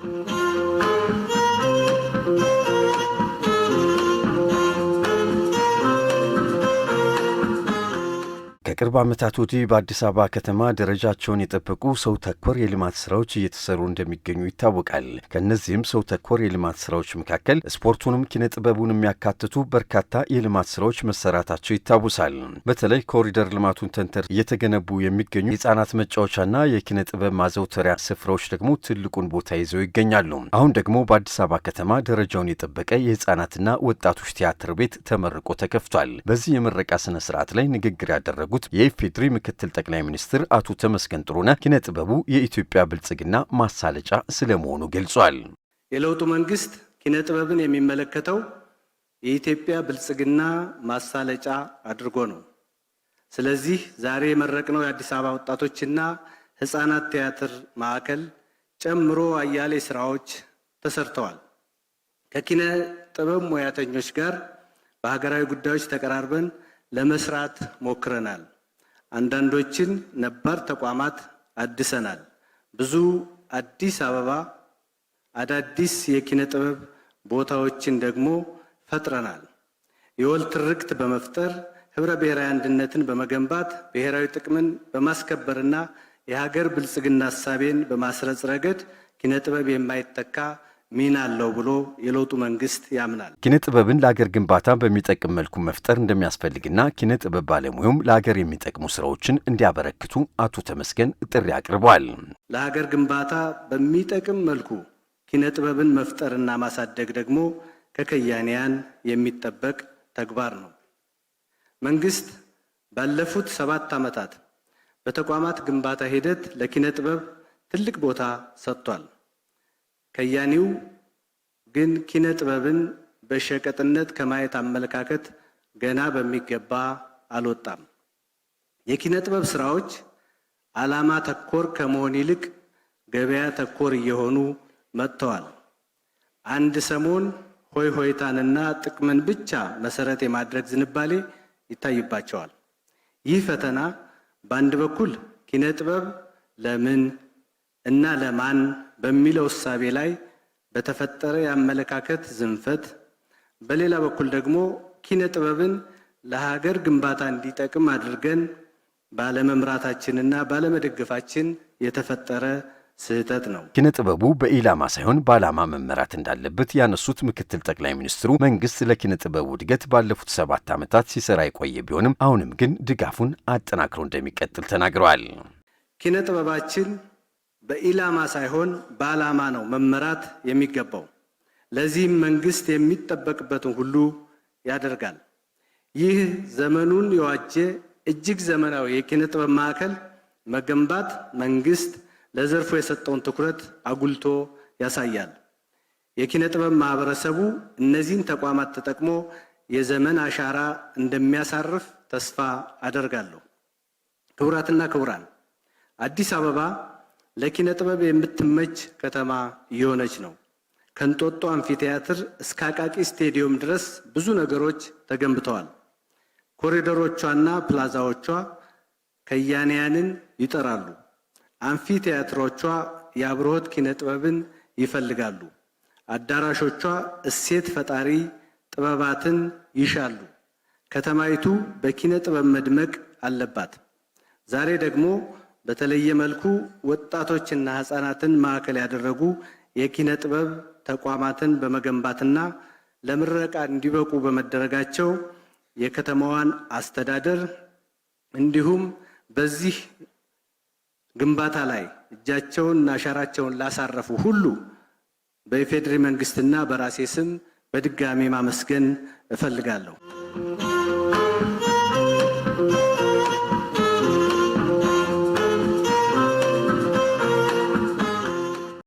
Thank you. ከቅርብ ዓመታት ወዲህ በአዲስ አበባ ከተማ ደረጃቸውን የጠበቁ ሰው ተኮር የልማት ስራዎች እየተሰሩ እንደሚገኙ ይታወቃል። ከእነዚህም ሰው ተኮር የልማት ስራዎች መካከል ስፖርቱንም ኪነ ጥበቡን የሚያካትቱ በርካታ የልማት ስራዎች መሰራታቸው ይታወሳል። በተለይ ኮሪደር ልማቱን ተንተር እየተገነቡ የሚገኙ የህጻናት መጫወቻና የኪነ ጥበብ ማዘውተሪያ ስፍራዎች ደግሞ ትልቁን ቦታ ይዘው ይገኛሉ። አሁን ደግሞ በአዲስ አበባ ከተማ ደረጃውን የጠበቀ የህጻናትና ወጣቶች ቲያትር ቤት ተመርቆ ተከፍቷል። በዚህ የምረቃ ስነ ስርዓት ላይ ንግግር ያደረጉት የኢፌድሪ ምክትል ጠቅላይ ሚኒስትር አቶ ተመስገን ጥሩነህ ኪነ ጥበቡ የኢትዮጵያ ብልጽግና ማሳለጫ ስለመሆኑ ገልጿል። የለውጡ መንግስት ኪነ ጥበብን የሚመለከተው የኢትዮጵያ ብልጽግና ማሳለጫ አድርጎ ነው። ስለዚህ ዛሬ የመረቅነው የአዲስ አበባ ወጣቶችና ሕፃናት ቲያትር ማዕከል ጨምሮ አያሌ ስራዎች ተሰርተዋል። ከኪነ ጥበብ ሙያተኞች ጋር በሀገራዊ ጉዳዮች ተቀራርበን ለመስራት ሞክረናል። አንዳንዶችን ነባር ተቋማት አድሰናል። ብዙ አዲስ አበባ አዳዲስ የኪነ ጥበብ ቦታዎችን ደግሞ ፈጥረናል። የወል ትርክት በመፍጠር ህብረ ብሔራዊ አንድነትን በመገንባት ብሔራዊ ጥቅምን በማስከበርና የሀገር ብልጽግና ሀሳቤን በማስረጽ ረገድ ኪነ ጥበብ የማይተካ ሚና አለው ብሎ የለውጡ መንግስት ያምናል። ኪነ ጥበብን ለሀገር ግንባታ በሚጠቅም መልኩ መፍጠር እንደሚያስፈልግና ኪነ ጥበብ ባለሙያውም ለሀገር የሚጠቅሙ ስራዎችን እንዲያበረክቱ አቶ ተመስገን ጥሪ አቅርቧል። ለሀገር ግንባታ በሚጠቅም መልኩ ኪነ ጥበብን መፍጠርና ማሳደግ ደግሞ ከከያንያን የሚጠበቅ ተግባር ነው። መንግስት ባለፉት ሰባት ዓመታት በተቋማት ግንባታ ሂደት ለኪነ ጥበብ ትልቅ ቦታ ሰጥቷል። ከያኒው ግን ኪነ ጥበብን በሸቀጥነት ከማየት አመለካከት ገና በሚገባ አልወጣም። የኪነ ጥበብ ስራዎች ዓላማ ተኮር ከመሆን ይልቅ ገበያ ተኮር እየሆኑ መጥተዋል። አንድ ሰሞን ሆይ ሆይታንና ጥቅምን ብቻ መሰረት የማድረግ ዝንባሌ ይታይባቸዋል። ይህ ፈተና በአንድ በኩል ኪነ ጥበብ ለምን እና ለማን በሚለው እሳቤ ላይ በተፈጠረ የአመለካከት ዝንፈት፣ በሌላ በኩል ደግሞ ኪነ ጥበብን ለሀገር ግንባታ እንዲጠቅም አድርገን ባለመምራታችንና ባለመደገፋችን የተፈጠረ ስህተት ነው። ኪነ ጥበቡ በኢላማ ሳይሆን በዓላማ መመራት እንዳለበት ያነሱት ምክትል ጠቅላይ ሚኒስትሩ መንግስት ለኪነ ጥበቡ እድገት ባለፉት ሰባት ዓመታት ሲሰራ የቆየ ቢሆንም አሁንም ግን ድጋፉን አጠናክሮ እንደሚቀጥል ተናግረዋል። ኪነ ጥበባችን በኢላማ ሳይሆን በዓላማ ነው መመራት የሚገባው። ለዚህም መንግስት የሚጠበቅበትን ሁሉ ያደርጋል። ይህ ዘመኑን የዋጀ እጅግ ዘመናዊ የኪነ ጥበብ ማዕከል መገንባት መንግስት ለዘርፉ የሰጠውን ትኩረት አጉልቶ ያሳያል። የኪነ ጥበብ ማህበረሰቡ እነዚህን ተቋማት ተጠቅሞ የዘመን አሻራ እንደሚያሳርፍ ተስፋ አደርጋለሁ። ክቡራትና ክቡራን አዲስ አበባ ለኪነ ጥበብ የምትመች ከተማ እየሆነች ነው። ከእንጦጦ አምፊቲያትር እስከ አቃቂ ስቴዲየም ድረስ ብዙ ነገሮች ተገንብተዋል። ኮሪደሮቿና ፕላዛዎቿ ከያንያንን ይጠራሉ። አምፊቲያትሮቿ የአብርሆት ኪነ ጥበብን ይፈልጋሉ። አዳራሾቿ እሴት ፈጣሪ ጥበባትን ይሻሉ። ከተማይቱ በኪነ ጥበብ መድመቅ አለባት። ዛሬ ደግሞ በተለየ መልኩ ወጣቶችና ህፃናትን ማዕከል ያደረጉ የኪነ ጥበብ ተቋማትን በመገንባትና ለምረቃ እንዲበቁ በመደረጋቸው የከተማዋን አስተዳደር እንዲሁም በዚህ ግንባታ ላይ እጃቸውን አሻራቸውን ላሳረፉ ሁሉ በኢፌዴሪ መንግስትና በራሴ ስም በድጋሚ ማመስገን እፈልጋለሁ።